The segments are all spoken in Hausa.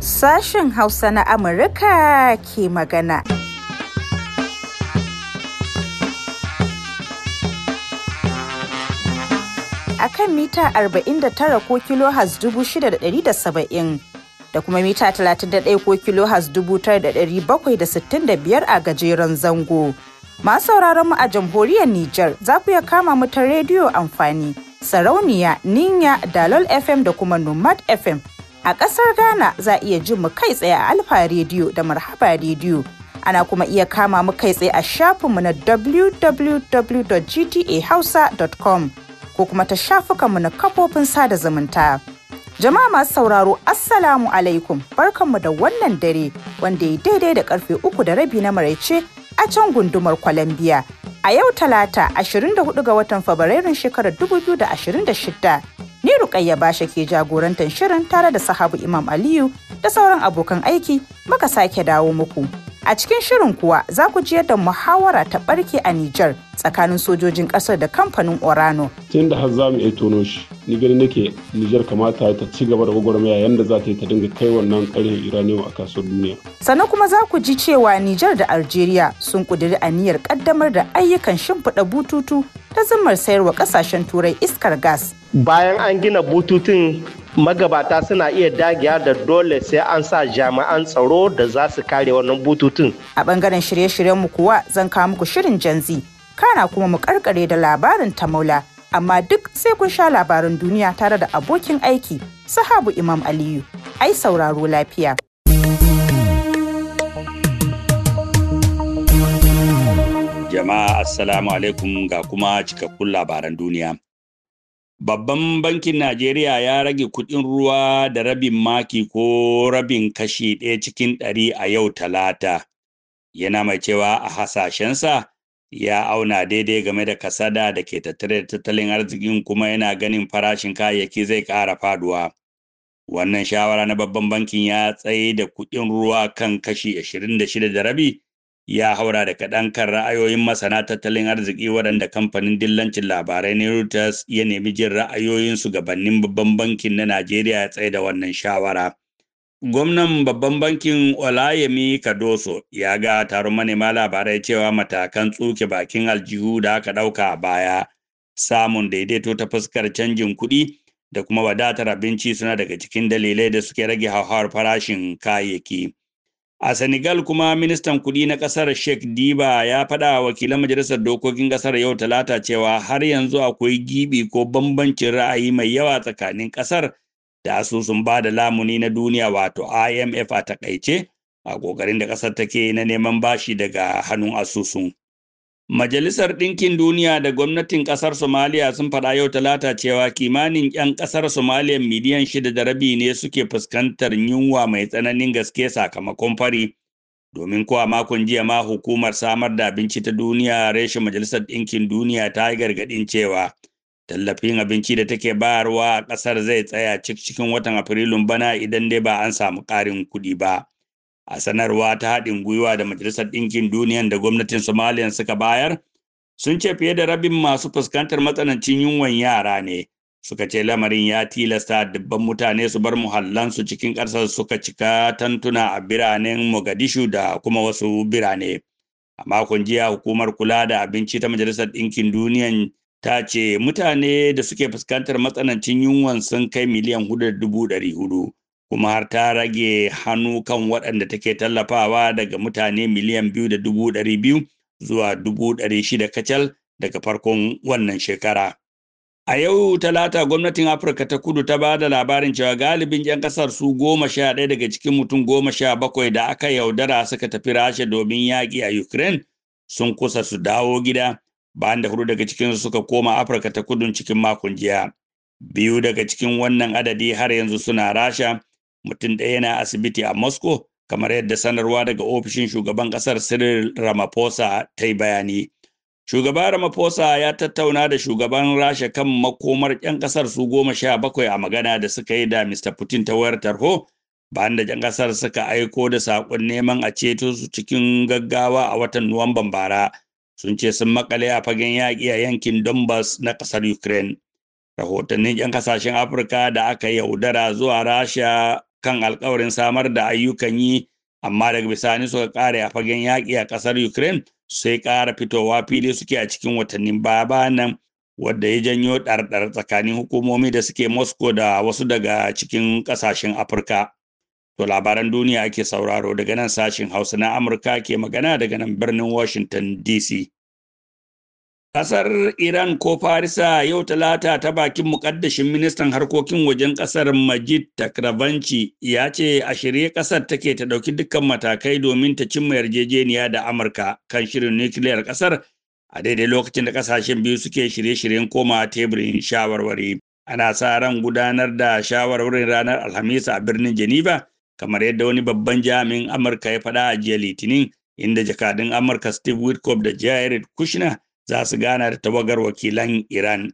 Sashen Hausa na Amurka ke magana. A kan mita 49 ko kilo has shida da kuma mita 31 ko kilo da biyar a gajeren zango. Masu sauraron mu a jamhuriyar Nijar za ku iya kama mu ta rediyo amfani Sarauniya, Ninya, Dalol FM da kuma Nomad FM. A ƙasar Ghana za a iya jin mu kai tsaye a Alfa Rediyo da Marhaba Radio. Ana kuma iya kama mu kai tsaye a shafinmu na www.gtahausa.com ko kuma ta shafukanmu na kafofin sada zumunta. Jama'a masu sauraro Assalamu alaikum barkanmu da wannan dare wanda ya daidai da karfe uku da rabi na maraice a can gundumar kwalambiya, A yau talata 24 ga watan Fabrairun shekarar 2026 ne Rukayya Basha ke jagorantar shirin tare da sahabu Imam Aliyu da sauran abokan aiki muka sake dawo muku. A cikin shirin kuwa za ku ji yadda muhawara ta barke a Nijar tsakanin sojojin ƙasar da kamfanin Orano. Tun da har za mu iya tono shi. ni gani nake Nijar kamata ta ci gaba da gwagwarmaya yadda za ta yi ta dinga kai wannan ƙarfin Iraniyawa a kasuwar duniya. Sannan kuma za ku ji cewa Nijar da Algeria sun ƙudiri aniyar ƙaddamar da ayyukan shimfiɗa bututu ta zimmar sayarwa ƙasashen Turai iskar gas. Bayan an gina bututun magabata suna iya dagiya da dole sai an sa jami'an tsaro da za su kare wannan bututun. A bangaren shirye shiryen mu kuwa zan kawo muku shirin janzi, kana kuma mu karkare da labarin ta maula amma duk sai kun sha labaran duniya tare da abokin aiki sahabu Imam Aliyu. Ai sauraro lafiya. Jama'a Assalamu alaikum ga kuma cikakkun labaran duniya. Babban bankin Najeriya ya rage kudin ruwa da rabin maki ko rabin kashi ɗaya cikin ɗari a yau talata. Yana mai cewa a hasashensa ya auna daidai game da kasada da ke tattare da tattalin arzikin kuma yana ganin farashin kayayyaki zai ƙara faduwa. Wannan shawara na babban bankin ya tsaye da kuɗin ruwa kan kashi 26 da rabi ya haura da kaɗan kan ra'ayoyin masana tattalin arziki waɗanda kamfanin dillancin labarai na Reuters ya nemi jin ra'ayoyinsu gabanin babban bankin na Najeriya ya tsaye da wannan shawara. Gwamnan babban bankin Olayemi Kadoso ya ga taron manema labarai cewa matakan tsuke bakin aljihu da aka ɗauka a baya samun daidaito ta fuskar canjin kuɗi da kuma wadatar abinci suna daga cikin dalilai da suke rage hauhawar farashin kayayyaki. A Senegal kuma ministan kuɗi na ƙasar Sheikh Diba ya faɗa wa wakilan majalisar dokokin ƙasar yau talata cewa har yanzu akwai gibi ko bambancin ra'ayi mai yawa tsakanin ƙasar da asusun ba da lamuni na duniya wato imf a takaice a kokarin da ƙasar take na neman bashi daga hannun asusun majalisar ɗinkin duniya da gwamnatin ƙasar somaliya sun faɗa yau talata cewa kimanin 'yan ƙasar somaliya miliyan shida da rabi ne suke fuskantar yunwa mai tsananin gaske sakamakon fari domin kuwa makon jiya ma hukumar samar da abinci ta duniya reshen majalisar ɗinkin duniya ta yi gargaɗin cewa tallafin abinci da take bayarwa a ƙasar zai tsaya cik cikin watan afrilun bana idan dai ba an samu ƙarin kuɗi ba a sanarwa ta haɗin gwiwa da majalisar ɗinkin duniyan da gwamnatin somaliya suka bayar sun ce fiye da rabin masu fuskantar matsanancin yunwan yara ne suka ce lamarin ya tilasta dubban mutane su bar muhallansu cikin ƙasar suka cika tantuna a biranen mogadishu da kuma wasu birane a makon jiya hukumar kula da abinci ta majalisar ɗinkin duniyan ta ce mutane da suke fuskantar matsanancin yunwan sun kai miliyan hudu da dubu ɗari hudu kuma har ta rage hannu kan waɗanda take tallafawa daga mutane miliyan biyu da dubu ɗari biyu zuwa dubu ɗari shida kacal daga farkon wannan shekara. A yau talata gwamnatin Afirka ta kudu ta ba da labarin cewa galibin 'yan kasar su goma sha ɗaya daga cikin mutum goma sha bakwai da aka yaudara suka tafi rasha domin yaƙi a Ukraine sun kusa su dawo gida bayan da hudu daga cikinsu suka koma afirka ta kudun cikin makon jiya biyu daga cikin wannan adadi har yanzu suna rasha mutum ɗaya na asibiti a moscow kamar yadda sanarwa daga ofishin shugaban ƙasar cyril ramaphosa ta yi bayani Shugaban ramaphosa ya tattauna da shugaban rasha kan makomar 'yan ƙasar su goma sha bakwai a magana da suka yi da mr putin ta wayar tarho bayan da 'yan ƙasar suka aiko da saƙon neman a ceto su cikin gaggawa a watan nuwamban bara sun ce sun makale a fagen yaƙi a yankin Donbass na ƙasar Ukraine. Rahotannin 'yan kasashen Afirka da aka yaudara zuwa Rasha kan alkawarin samar da ayyukan yi amma daga bisani suka ƙare a fagen yaƙi a ƙasar Ukraine sai ƙara fitowa fili suke a cikin watannin baya nan wadda ya janyo ɗarɗar tsakanin hukumomi da suke Moscow da wasu daga cikin ƙasashen Afirka. To labaran duniya ake sauraro daga nan sashin Hausa na Amurka ke magana daga nan birnin Washington DC. Ƙasar Iran ko Farisa yau talata ta bakin muƙaddashin ministan harkokin wajen ƙasar Majid Takravanci ya ce a shirye ƙasar take ta ɗauki dukkan matakai domin ta cimma yarjejeniya da Amurka kan shirin nukiliyar ƙasar a daidai lokacin da ƙasashen biyu suke shirye-shiryen koma teburin shawarwari. Ana sa ran gudanar da shawarwarin ranar Alhamis a birnin Geneva kamar yadda wani babban jami'in amurka ya faɗa a jiya litinin inda jakadun amurka steve witkoff da jared kushner za su gana da tawagar wakilan iran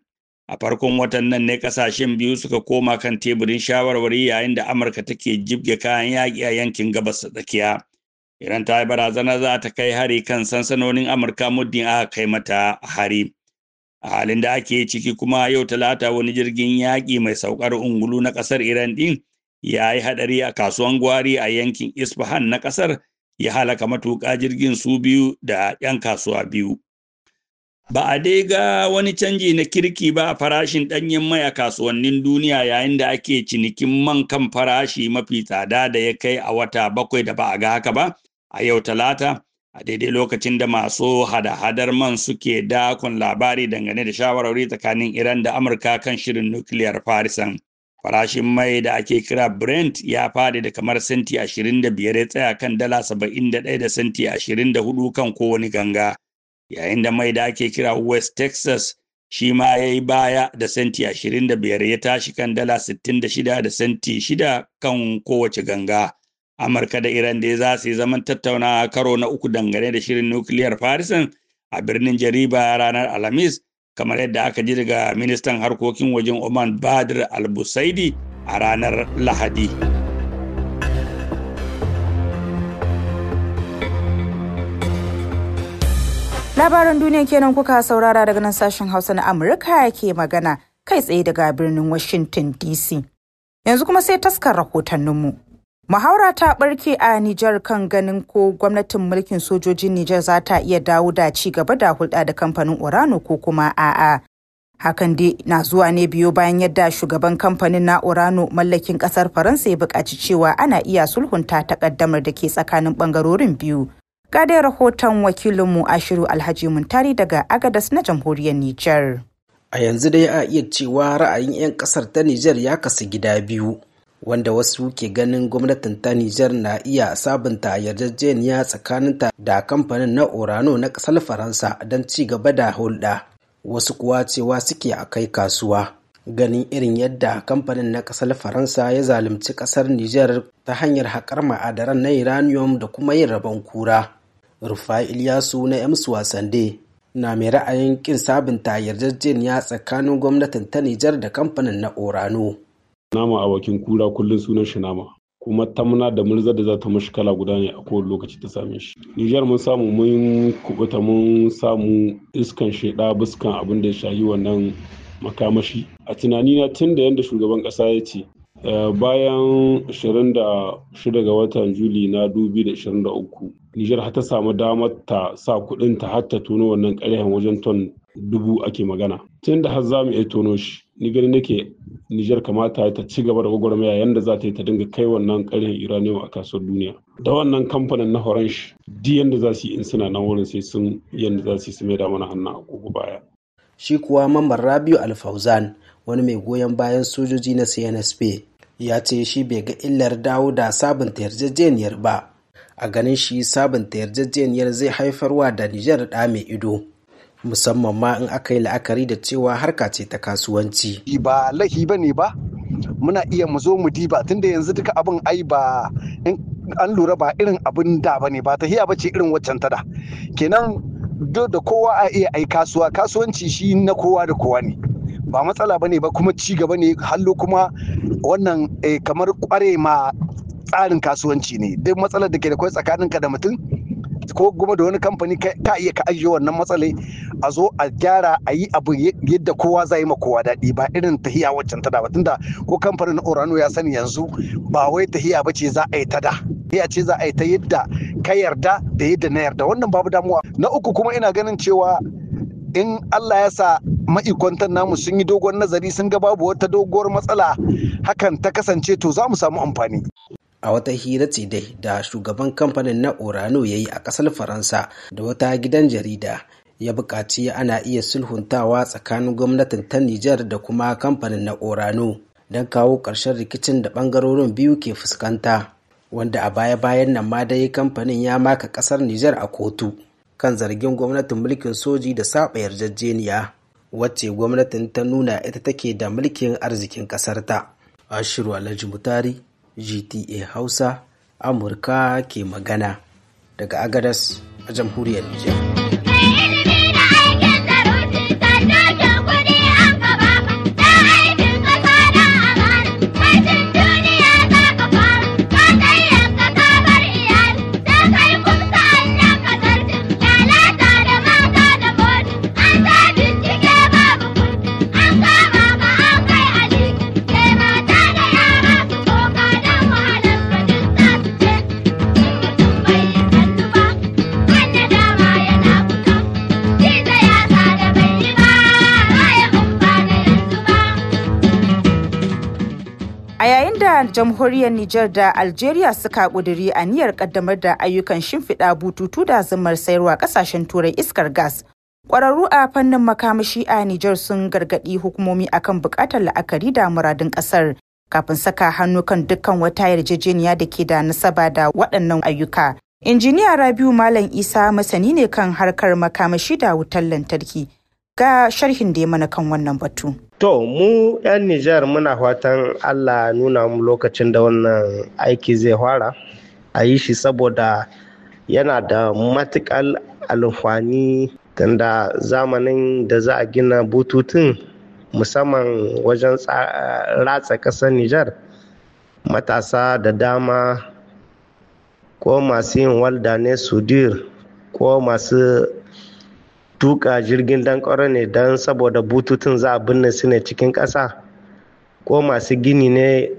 a farkon watan nan ne kasashen biyu suka koma kan teburin shawarwari yayin da amurka take jibge kayan yaki a yankin gabas tsakiya iran ta yi barazana za ta kai hari kan sansanonin amurka muddin aka kai mata hari a halin da ake ciki kuma yau talata wani jirgin yaƙi mai saukar ungulu na ƙasar iran ɗin ya yi haɗari a kasuwan gwari a yankin Isfahan na ƙasar ya halaka matuƙa jirgin su biyu da 'yan kasuwa biyu. Ba a dai ga wani canji na kirki ba a farashin ɗanyen mai a kasuwannin duniya yayin da ake cinikin man kan farashi mafi tsada da ya kai a wata bakwai da ba a ga haka ba a yau talata a daidai lokacin da masu hada-hadar man suke dakon labari dangane da shawarwari tsakanin Iran da Amurka kan shirin nukiliyar Farisan. farashin mai da ake kira brent ya faɗi da kamar senti 25 ya tsaya kan dala 71 da senti 24 kan kowane ganga yayin da mai da ake kira west texas shi ma ya yi baya da senti 25 ya tashi kan dala 66 da senti 6 kan kowace ganga amurka da iran dai za su yi zaman tattaunawa karo na uku dangane da shirin nukiliyar farisan a birnin jariba ranar alhamis kamar yadda aka ji daga ministan harkokin wajen Oman Badr al-Busaidi a ranar Lahadi. Labaran duniya kenan kuka saurara daga nan sashen Hausa na Amurka ke magana kai tsaye daga birnin Washington DC. Yanzu kuma sai taskar rahotanninmu. Muhaura ta barke a Nijar kan ganin ko gwamnatin mulkin sojojin Nijar za ta iya dawo da ci gaba da hulɗa da kamfanin Orano ko kuma a'a. Hakan dai na zuwa ne biyo bayan yadda shugaban kamfanin na Orano mallakin ƙasar Faransa ya buƙaci cewa ana iya sulhunta takaddamar da ke tsakanin ɓangarorin biyu. Ga dai rahoton wakilinmu Ashiru Alhaji Muntari daga Agadas na Jamhuriyar Nijar. A yanzu dai a iya cewa ra'ayin 'yan ƙasar ta Nijar ya kasu gida biyu. wanda wasu ke ganin gwamnatin ta Nijar na iya sabunta yarjejeniya tsakaninta da kamfanin na Orano na ƙasar Faransa don ci gaba da hulɗa. Wasu kuwa cewa suke a kai kasuwa. Ganin irin yadda kamfanin na ƙasar Faransa ya zalunci ƙasar Nijar ta hanyar haƙar ma'adaran na uranium da kuma yin rabon kura. Rufai Ilyasu na Ems Wasande na mai ra'ayin kin sabunta yarjejeniya tsakanin gwamnatin ta Nijar da kamfanin na Orano. Nama abokin kura kullum sunan shi nama. kuma tamna da murza da za ta mashi kala guda ne a kowane lokaci ta same shi nijar mun samu mun kubuta mun samu iskan sheda buskan abin da ya shahi wannan makamashi a tunanina tun da yadda shugaban kasa ya ce eh, bayan 26 ga watan juli na 2023 nijar ta samu damar ta sa kudin ta har ta tono wannan karyar wajen ton dubu ake magana tun da har za mu iya tono shi ni gani nake Nijar kamata ta ci gaba da gwagwarmaya yadda za ta yi ta dinga kai wannan karin Iranium a kasuwar duniya. Da wannan kamfanin na horanshi di yadda za su yi in suna nan wurin sai sun yadda za su yi su mai da mana a kogo baya. Shi kuwa mamban Rabiu Alfauzan wani mai goyon bayan sojoji na CNSP ya ce shi bai ga illar dawo da sabunta yarjejeniyar ba. A ganin shi sabunta yarjejeniyar zai haifarwa da Nijar ɗa mai ido. musamman ma in aka yi la'akari da cewa harka ce ta kasuwanci. Ba lahi ba ne ba, muna iya mu zo mu diba tunda yanzu duka abin ai ba an lura ba irin abin da ba ne ba ta hiya bace irin waccan ta da. Kenan da kowa a iya ai kasuwa kasuwanci shi na kowa da kowa ne. ba matsala ba ne ba kuma ci gaba ne hallo kuma wannan eh, kamar kware ma tsarin kasuwanci ne duk matsalar da ke da tsakanin ka da mutum ko kuma da wani kamfani ka iya ka ajiye wannan matsale a zo a gyara a yi abu yadda kowa zai ma kowa daɗi ba irin tahiya waccan ta da ba tunda ko kamfanin Orano ya sani yanzu ba wai tahiya ba ce za a yi ta da ce za a yi ta yadda ka yarda da yadda na yarda wannan babu damuwa na uku kuma ina ganin cewa in Allah ya sa ma'ikwantan namu sun yi dogon nazari sun ga babu wata doguwar matsala hakan ta kasance to za mu samu amfani. a wata hira ce dai da shugaban kamfanin na orano ya yi a ƙasar faransa da wata gidan jarida ya buƙaci ana iya sulhuntawa tsakanin gwamnatin ta nijar da kuma kamfanin na orano don kawo ƙarshen rikicin da ɓangarorin biyu ke fuskanta wanda a baya-bayan nan ma dai kamfanin ya maka ƙasar nijar a kotu kan zargin gwamnatin mulkin soji da saɓa yarjejeniya wacce gwamnatin ta nuna ita take da mulkin arzikin ƙasarta ashiru alhaji mutari GTA Hausa Amurka ke magana daga Agadas a jamhuriyar Nijar. da jamhuriyar Nijar da Algeria suka ƙuduri niyyar ƙaddamar da ayyukan shimfiɗa bututu da zumar sayarwa ƙasashen turai iskar gas. Ƙwararru a fannin makamashi a Nijar sun gargaɗi hukumomi akan buƙatar la'akari da muradin ƙasar kafin saka hannu kan dukkan wata yarjejeniya da ke da nasaba da waɗannan ayyuka. Injiniya Rabiu Malam Isa masani ne kan harkar makamashi da wutar lantarki ga sharhin da ya mana kan wannan batu. To mu 'yan Nijar muna fatan Allah nuna mu lokacin da wannan aiki zai fara a yi shi saboda yana da matuƙar alfani tunda zamanin da za a gina bututun musamman wajen ratsa ƙasar Nijar matasa da dama ko masu yin walda ne sudir ko masu tuka jirgin dankwaro ne don saboda bututun za a binne su ne cikin ƙasa ko masu gini ne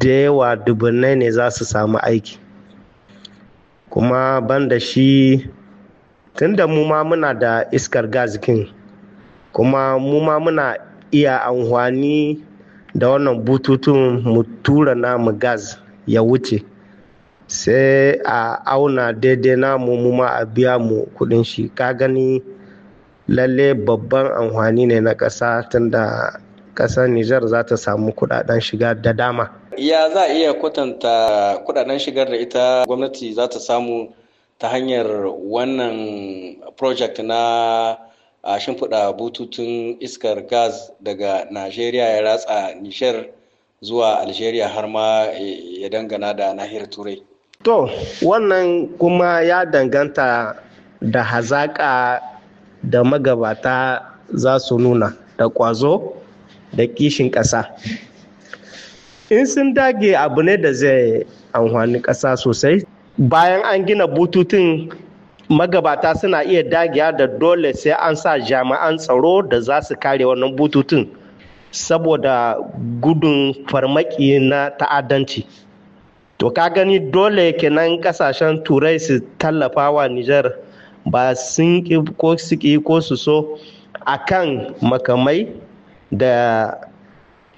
da yawa dubunnai ne za su samu aiki kuma banda shi tun da mu ma muna da iskar gazikin kuma mu ma muna iya amfani da wannan bututun mu tura namu gaz. ya wuce sai a auna daidai namu mu ma a biya mu kudin shi ka gani lalle babban amfani ne na ƙasa tunda ƙasar Nijar za ta samu kudaden shiga da dama. Ya za a iya kwatanta kudaden shigar da ita gwamnati za ta samu ta hanyar wannan project na a shimfiɗa bututun iskar gas daga Najeriya ya ratsa Nijar zuwa Algeria har ma e, ya dangana da nahiyar Turai. To, wannan kuma ya danganta da hazaƙa da magabata za su nuna da ƙwazo da kishin ƙasa in sun dage abu ne da zai amfani ƙasa sosai bayan an gina bututun magabata suna iya dagiya da dole sai an sa jami'an tsaro da za su kare wannan bututun saboda gudun farmaki na ta'addanci to ka gani dole kenan kasashen turai su tallafa wa nijar ba sun ƙi ko su ƙi ko su so akan makamai da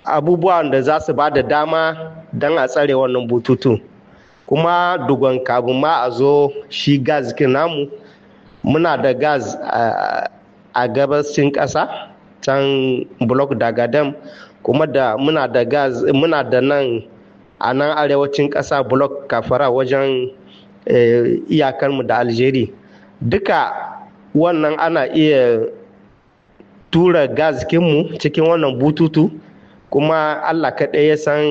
abubuwan da za su ba da dama don a tsare wannan bututun kuma dugon kabu ma a zo shi gas namu muna da gas a gabasin ƙasa can blok daga dam kuma da muna da gas muna da nan a nan arewacin ƙasa blok kafara wajen eh, iyakarmu da algeria duka wannan ana iya tura gas gazikinmu cikin wannan bututu kuma allah kaɗai ya san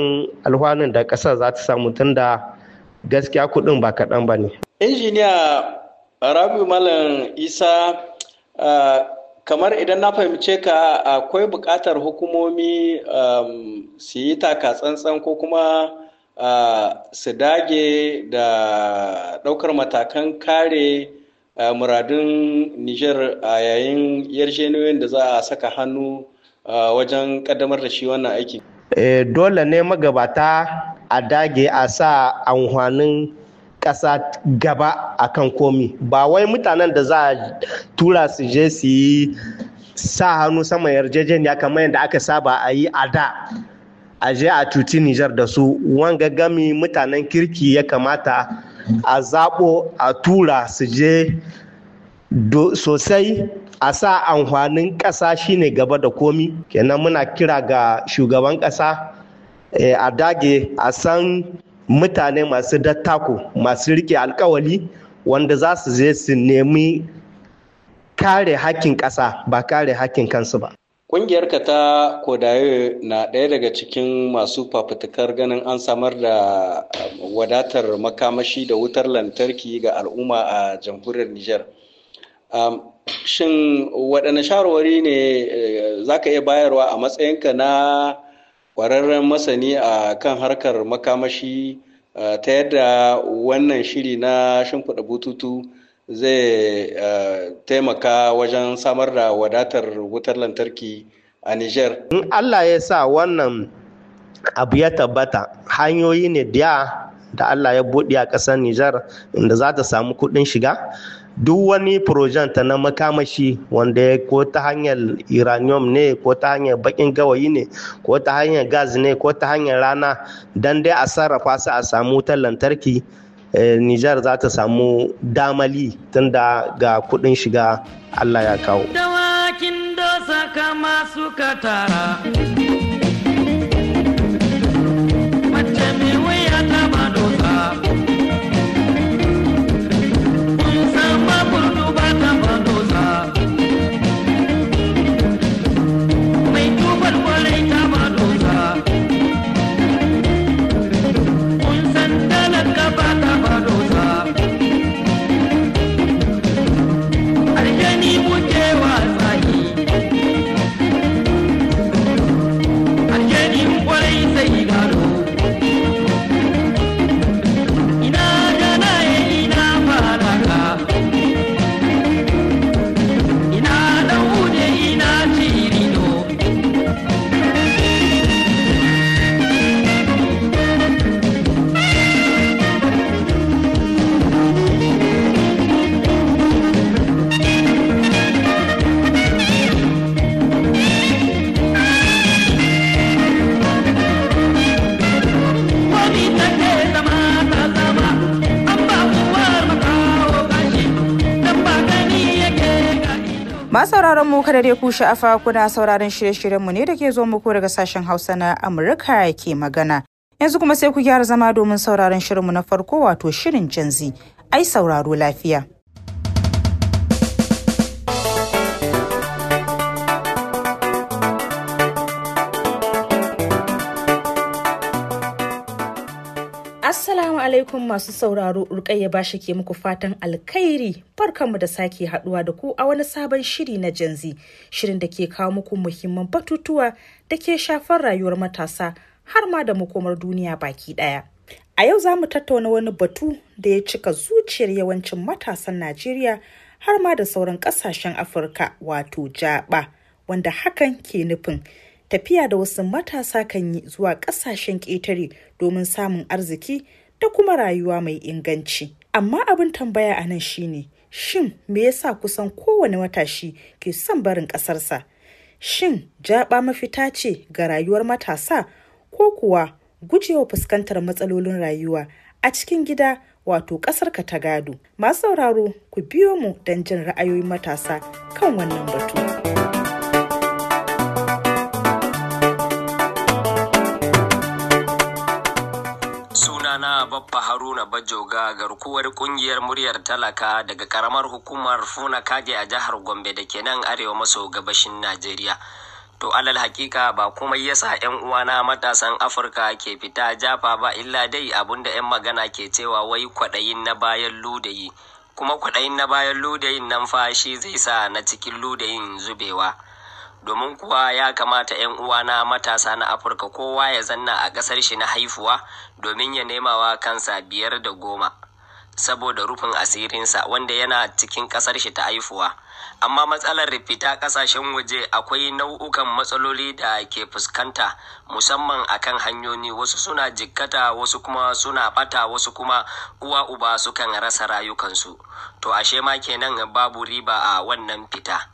alhwanin da ƙasa za ta samu tun da gaskiya kuɗin ba kaɗan ba ne injiniya rabi malam isa kamar idan na fahimce ka akwai buƙatar hukumomi um, su yi taka tsantsan ko kuma su dage da ɗaukar matakan kare muradun Nijar a yayin yarjejeniyoyin da za a saka hannu wajen kaddamar da shi wannan aikin? Eh, dole ne magabata a dage a sa amfanin ƙasa gaba a kan komi ba wai mutanen da za a tura su je su yi sa hannu sama yarjejeniya kamar yadda aka saba a yi a da a je a cuci Nijar da su wanga gami mutanen kirki ya kamata a zaɓo a tura su je sosai a sa amfanin ƙasa shine gaba da komi kenan muna kira ga shugaban ƙasa eh, a dage a san mutane masu dattako masu rike alkawali wanda za su je su nemi kare hakkin ƙasa ba kare hakkin kansu ba Ƙungiyarka ta Kodayo na ɗaya daga cikin masu fafutukar ganin an samar da um, wadatar makamashi da wutar lantarki ga al'umma a jamhuriyar Nijar. Um, shin waɗanne shawarwari ne eh, za ka iya bayarwa a matsayinka na ƙwararren masani a kan harkar makamashi uh, ta yadda wannan shiri na shimfiɗa bututu zai eh, taimaka wajen samar da wadatar wutar lantarki a Nijar. in allah ya sa wannan abu ya tabbata hanyoyi ne da da allah ya buɗe a ƙasar Nijar, inda za ta samu kuɗin shiga duk wani ta na makamashi wanda ya ko ta hanyar uranium ne ko ta hanyar bakin gawayi ne ko ta hanyar gas ne ko ta hanyar rana don dai a sarrafa su a samu wutar lantarki Eh, Nijar za ta samu damali tunda ga kuɗin shiga Allah ya kawo. Dawakin dosa kama suka tara. sauraron mu kada dai ku sha'afa kuna sauraron shirye-shiryenmu ne da ke zo muku daga sashen Hausa na Amurka ke magana. Yanzu kuma sai ku gyara zama domin sauraron shirinmu na farko wato shirin canzi Ai sauraro lafiya. alaikum masu sauraro Rukayya shi ke muku fatan alkhairi barkanmu da sake haduwa da ku a wani sabon shiri na janzi shirin da ke kawo muku muhimman batutuwa da ke shafar rayuwar matasa har ma da makomar duniya baki daya. A yau za mu tattauna wani batu da ya cika zuciyar yawancin matasan Najeriya har ma da sauran kasashen Afirka wato jaba wanda hakan ke nufin tafiya da wasu matasa kan yi zuwa kasashen ƙetare domin samun arziki da kuma rayuwa mai inganci. Amma abin tambaya a nan shine, shin me yasa kusan kowane matashi ke son barin ƙasarsa? Shin jaɓa mafita ce ga rayuwar matasa ko kuwa gujewa fuskantar matsalolin rayuwa a cikin gida wato ƙasarka ta gado? Masu sauraro ku biyo mu don jin ra'ayoyin matasa kan wannan batu. Baffa Haruna Bajoga garkuwar kungiyar muryar talaka daga karamar hukumar Funa Kage a jihar Gombe da ke nan arewa maso gabashin Najeriya. To alal hakika ba kuma yasa 'yan uwana matasan Afirka ke fita jafa ba illa dai abinda 'yan magana ke cewa wai kwaɗayin na bayan ludayi. Kuma kwaɗayin na bayan ludayin nan fa shi zai sa na cikin ludayin zubewa. domin kuwa ya kamata 'yan uwana matasa na afirka kowa ya zanna a ƙasar shi na haifuwa domin ya nemawa kansa biyar da goma saboda rufin asirinsa wanda yana cikin ƙasar shi ta haifuwa amma matsalar rufita ƙasashen waje akwai nau'ukan matsaloli da ke fuskanta musamman akan hanyoyi wasu suna jikkata wasu kuma suna bata wasu kuma uwa uba sukan rasa rayukansu to ashe ma kenan babu riba a wannan fita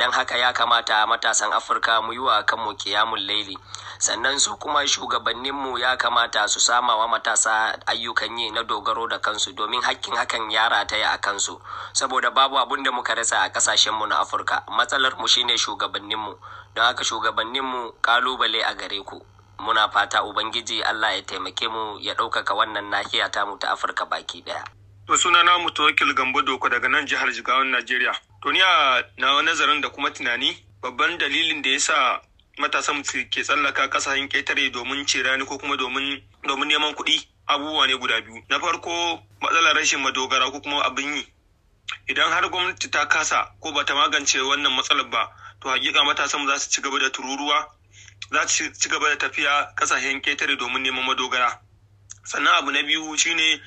don haka ya kamata matasan afirka mu yi wa kanmu kiyamun laili sannan su kuma shugabanninmu ya kamata su sama wa matasa ayyukan yi na dogaro da kansu domin hakkin hakan ya rataya a kansu saboda babu abun da muka rasa a kasashenmu na afirka matsalar mu shine shugabanninmu don haka shugabanninmu kalubale a gare ku muna fata ubangiji allah ya taimake mu ya ɗaukaka wannan nahiya tamu ta afirka baki ɗaya. sunana mutu gambo doko daga nan jihar jigawan najeriya duniya na nazarin da kuma tunani babban dalilin da ya sa matasan ke tsallaka kasashen ƙetare domin cirani ko kuma domin neman kuɗi abubuwa ne guda biyu na farko matsalar rashin madogara ko kuma abin yi idan har gwamnati ta kasa ko ba ta magance wannan matsalar ba to hakika matasan za su ci gaba da tururuwa za su ci gaba da tafiya kasashen ƙetare domin neman madogara sannan abu na biyu shine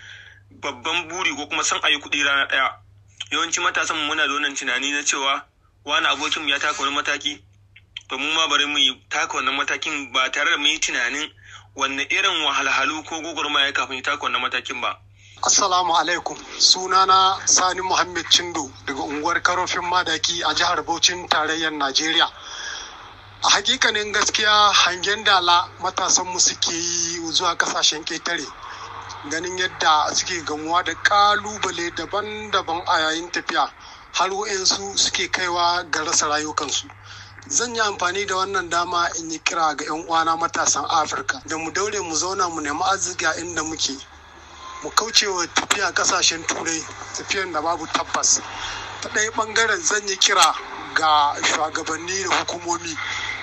babban buri ko kuma san yi kuɗi rana ɗaya yawanci matasan muna da wannan tunani na cewa wani abokinmu ya taka wani mataki to mu ma bari mu yi taka wannan matakin ba tare da mu yi tunanin wanne irin wahalhalu ko ya kafin ya taka wannan matakin ba Assalamu alaikum sunana Sani Muhammad Chindo daga unguwar Karofin Madaki a jihar Bauchin tarayyar Najeriya. A hakikanin gaskiya hangen dala matasanmu suke yi zuwa kasashen ketare. ganin yadda suke gamuwa da kalubale daban-daban a yayin tafiya har waansu suke kaiwa ga rasa rayukansu zan yi amfani da wannan dama in yi kira ga 'yan uwana matasan afirka da mu daure mu zauna mu nemi arziki a inda muke mu kaucewa tafiya kasashen turai tafiyan da babu tabbas ta ɗaya ɓangaren zan yi kira ga shugabanni da hukumomi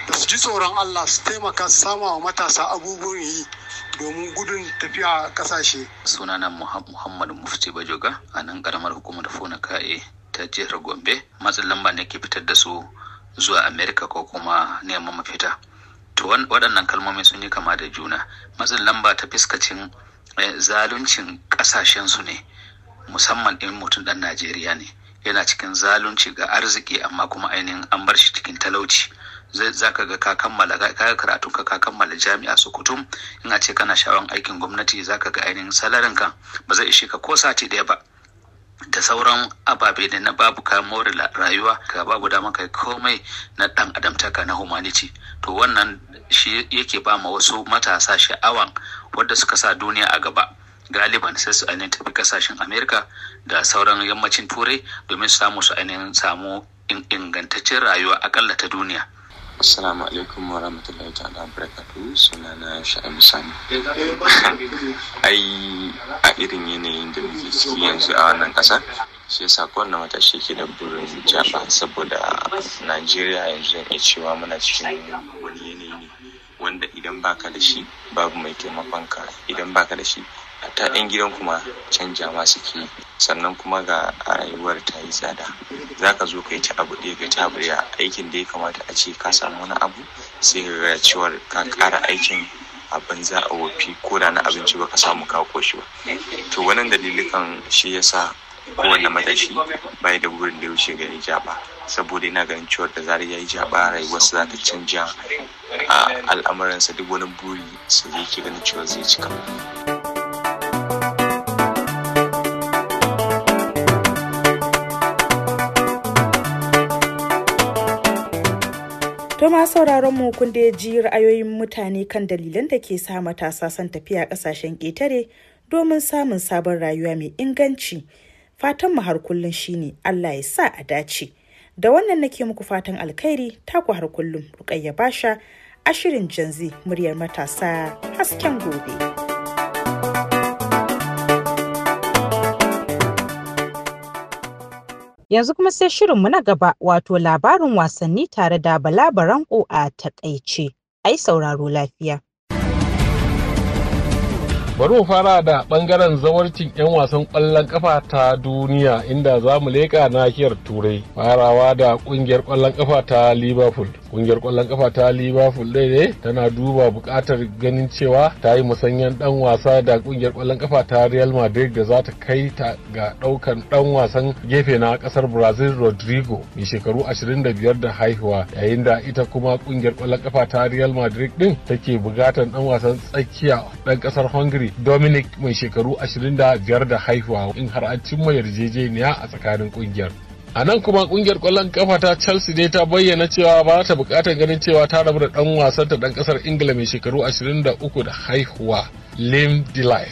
da su ji tsoron allah su taimaka su sama wa matasa abubuwan yi domin gudun tafiya kasashe. sunana Muhammadu mufti bajoga a nan karamar hukumar fona ka'e ta jihar gombe matsin lamba ne ke fitar da su zuwa amerika ko kuma neman mafita to waɗannan kalmomi sun yi kama da juna matsin lamba ta fiskacin eh, zaluncin ƙasashensu ne musamman in mutum ɗan najeriya ne yana cikin zalunci ga arziki amma kuma ainihin an bar shi cikin talauci za ka ga ka kammala ka karatun ka ka kammala jami'a sukutum in a ce kana sha'awar aikin gwamnati za ka ga ainihin salarin ka ba zai ishe ka ko sati ɗaya ba da sauran ababe da na babu kayan more rayuwa ka babu dama kai komai na dan adamtaka na humanity to wannan shi yake ba ma wasu matasa sha'awan wadda suka sa duniya a gaba galiban sai su ainihin tafi kasashen amerika da sauran yammacin turai domin su samu su ainihin samu ingantaccen rayuwa akalla ta duniya Assalamu alaikum wa rahmatullahi ta'ala barakatu suna na sha'abu sani. Ai a irin yanayin da muke ciki yanzu a wannan ƙasa shi yasa kowanne shi ke da burin jaba saboda Najeriya yanzu zan iya cewa muna cikin wani yanayi ne wanda idan baka da shi babu mai taimakon ka idan baka da shi hatta 'yan gidan kuma canja ma suke sannan kuma ga rayuwar ta yi tsada za ka zo ka yi ta abu ɗaya ka ta ɗaya aikin da ya kamata a ce ka samu wani abu sai ka ga cewar ka ƙara aikin abin za a wofi ko da na abinci ba ka samu ka koshi ba to wannan dalilikan shi ya sa kowane matashi bai da burin da ya wuce gari jaba saboda yana ganin cewa da zarar ya yi jaba rayuwarsa za ta canja a al'amuransa duk wani buri su zai ke ganin cewa zai cika. To ma sauraron mu kun da ji ra'ayoyin mutane kan dalilan da ke sa matasa son tafiya kasashen ƙetare domin samun sabon rayuwa mai inganci. Fatan mu har kullum shine Allah ya sa a dace. Da wannan nake muku fatan alkhairi taku har kullum Rukayya Basha a shirin Janzi muryar matasa hasken gobe. Yanzu kuma sai shirin mu na gaba wato labarin wasanni tare da Bala Baranko a takaice. Ai sauraro lafiya. Bari mu fara da bangaren zawarcin 'yan wasan ƙwallon ƙafa ta duniya inda za mu leƙa nahiyar Turai farawa da ƙungiyar ƙwallon ƙafa ta Liverpool. kungiyar kwallon kafa ta liverpool dai dai tana duba buƙatar ganin cewa ta yi musanyen ɗan wasa da kungiyar kwallon kafa ta real madrid da za ta kai ta ga daukan ɗan wasan gefe na ƙasar brazil rodrigo mai shekaru 25 da haihuwa yayin da ita kuma kungiyar kwallon kafa ta real madrid din take bukatar dan wasan tsakiya ɗan ƙasar hungary dominic mai shekaru 25 da haihuwa in har an cimma yarjejeniya a tsakanin kungiyar a nan kuma kungiyar kwallon kafa ta chelsea ne ta bayyana cewa ba ta bukatar ganin cewa ta rabu da dan wasan ta dan kasar ingila mai shekaru 23 da haihuwa lim delife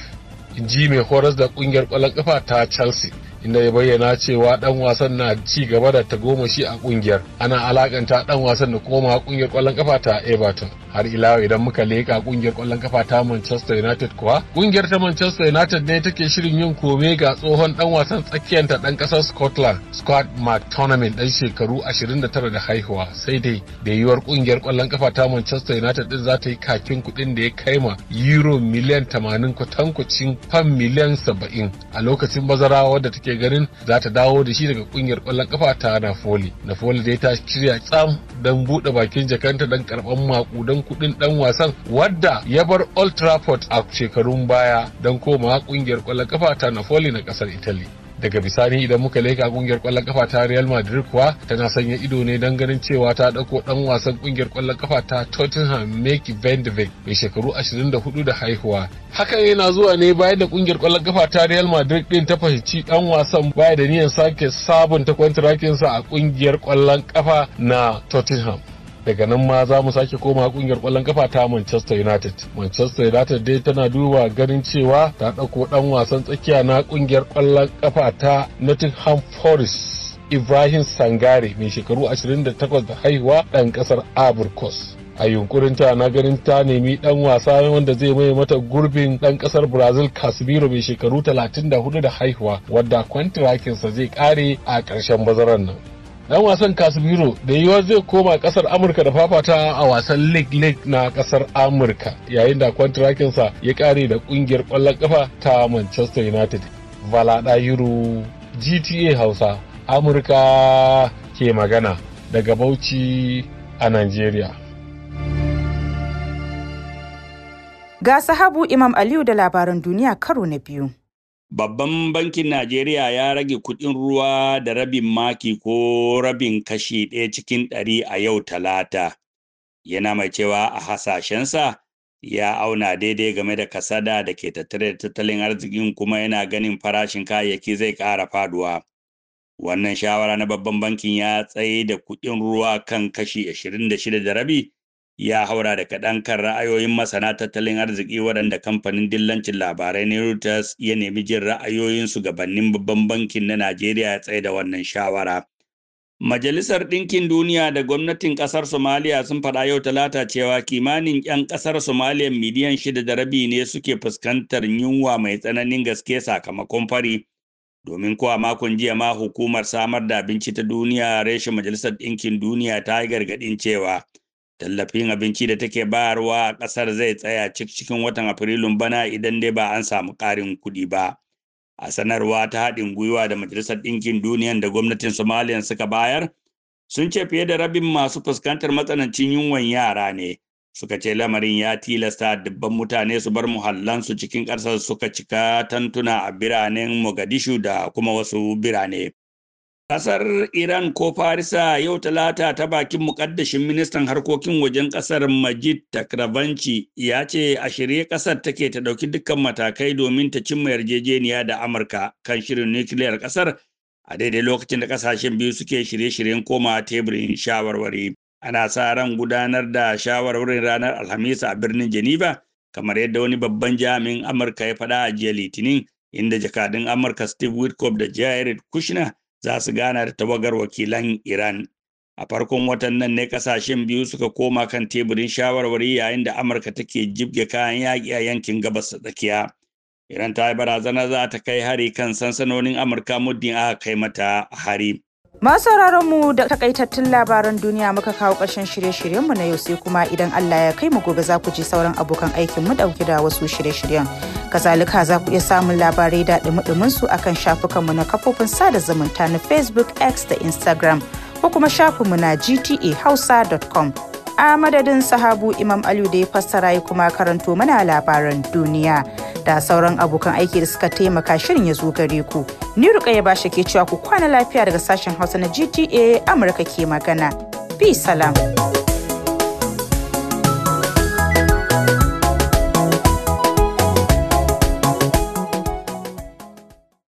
in ji mai horas da kungiyar kwallon kafa ta chelsea inda ya bayyana cewa dan wasan na ci gaba da tagomashi a kungiyar ana alakanta dan wasan da komawa ma kungiyar kwallon kafa ta Everton har ila idan muka leka kungiyar kwallon kafa ta Manchester United kuwa kungiyar ta Manchester United ne take shirin yin kome ga tsohon dan wasan tsakiyar ta dan kasar Scotland Scott McTominay dan shekaru 29 da haihuwa sai dai da yiwuwar kungiyar kwallon kafa ta Manchester United din za ta yi kakin kudin da ya kai ma euro miliyan 80 kwatankwacin fam miliyan 70 a lokacin bazarawa da take ke garin za ta dawo da shi daga kungiyar kwallon kafa ta Napoli. Napoli dai ta shirya tsam don buɗe bakin jakanta don karɓan makudan kuɗin ɗan wasan wadda ya bar Old Trafford a shekarun baya don komawa kungiyar kwallon kafa ta Napoli na ƙasar Italy. daga bisani idan muka leka kungiyar kwallon kafa ta real madrid kuwa tana sanya ido ne don ganin cewa ta dauko dan wasan kungiyar kwallon kafa ta tottenham make van de mai shekaru 24 da haihuwa hakan yana zuwa ne bayan da kungiyar kwallon kafa ta real madrid din ta fahimci dan wasan baya da niyan sake sabunta sa a kungiyar kwallon kafa na tottenham daga nan ma za mu sake koma kungiyar kwallon kafa ta Manchester United. Manchester United dai tana duba ganin cewa ta ɗauko ɗan wasan tsakiya na kungiyar kwallon kafa ta Nottingham Forest Ibrahim Sangare mai shekaru 28 da haihuwa ɗan ƙasar Abrikos. A yunkurinta na ganin ta nemi ɗan wasa wanda zai mai mata gurbin ɗan ƙasar Brazil Casimiro mai shekaru 34 da haihuwa wadda kwantirakinsa zai kare a ƙarshen bazarar nan. dan wasan casemiro da yiwuwa zai koma kasar amurka da fafata a wasan league league na kasar amurka yayin da sa ya kare da kungiyar kwallon kafa ta manchester united valada yuro gta hausa amurka ke magana daga bauchi a nigeria ga sahabu imam aliyu da labaran duniya karo na biyu Babban bankin Najeriya ya rage kuɗin ruwa da rabin maki ko rabin kashi ɗaya cikin ɗari a yau talata. Yana mai cewa a hasashensa ya auna daidai game da kasada da ke tattare da tattalin arzikin kuma yana ganin farashin kayayyaki zai kara faduwa. Wannan shawara na babban bankin ya tsaye da kuɗin ruwa kan kashi 26 da rabi ya haura da kaɗan kan ra'ayoyin masana tattalin arziki waɗanda kamfanin dillancin labarai na Reuters ya nemi jin ra'ayoyin su gabanin babban bankin na Najeriya ya tsaye da wannan shawara. Majalisar Ɗinkin Duniya da gwamnatin ƙasar Somaliya sun faɗa yau talata cewa kimanin 'yan ƙasar Somaliya miliyan shida da rabi ne suke fuskantar yunwa mai tsananin gaske sakamakon fari. domin kuwa makon jiya ma hukumar samar da abinci ta duniya reshen majalisar ɗinkin duniya ta yi gargaɗin cewa tallafin abinci da take bayarwa a ƙasar zai tsaya cik cikin watan afrilun bana idan dai ba an samu ƙarin kuɗi ba a sanarwa ta haɗin gwiwa da majalisar ɗinkin duniya da gwamnatin somaliya suka bayar sun ce fiye da rabin masu fuskantar matsanancin yunwan yara ne suka ce lamarin ya tilasta dubban mutane su bar muhallansu cikin ƙasar suka cika tantuna a biranen mogadishu da kuma wasu birane Ƙasar Iran ko Farisa yau talata ta bakin muƙaddashin ministan harkokin wajen ƙasar Majid Takravanci ya ce a shirye ƙasar take ta ɗauki dukkan matakai domin ta cimma yarjejeniya da Amurka kan shirin nukiliyar ƙasar a daidai lokacin da ƙasashen biyu suke shirye-shiryen koma teburin shawarwari. Ana sa ran gudanar da shawarwarin ranar Alhamis a birnin Geneva kamar yadda wani babban jami'in Amurka ya faɗa a jiya Litinin inda jakadun Amurka Steve Witkoff da Jared Kushner za su gana da tawagar wakilan Iran. A farkon watan nan ne kasashen biyu suka koma kan teburin shawarwari yayin da Amurka take jibge kayan yaƙi a yankin gabas da tsakiya. Iran ta yi barazana za ta kai hari kan sansanonin Amurka muddin aka kai mata hari. Masu mu da takaitattun labaran duniya muka kawo ƙarshen shirye-shiryenmu na yau sai kuma idan Allah ya kai mu gobe za ku ji sauran abokan aikin mu dauke da wasu shirye-shiryen. Kazalika za ku iya samun labarai da dumi su akan shafukanmu na kafofin sada zumunta na Facebook, X da Instagram ko kuma shafinmu na gtahausa.com. a madadin sahabu Imam Aliyu da ya fassara ya kuma karanto mana labaran duniya da sauran abokan aiki da suka taimaka shirin ya zo gare ku. Ni ruka ya bashi ke cewa ku kwana lafiya daga sashen Hausa na GTA Amurka ke magana. Peace salam.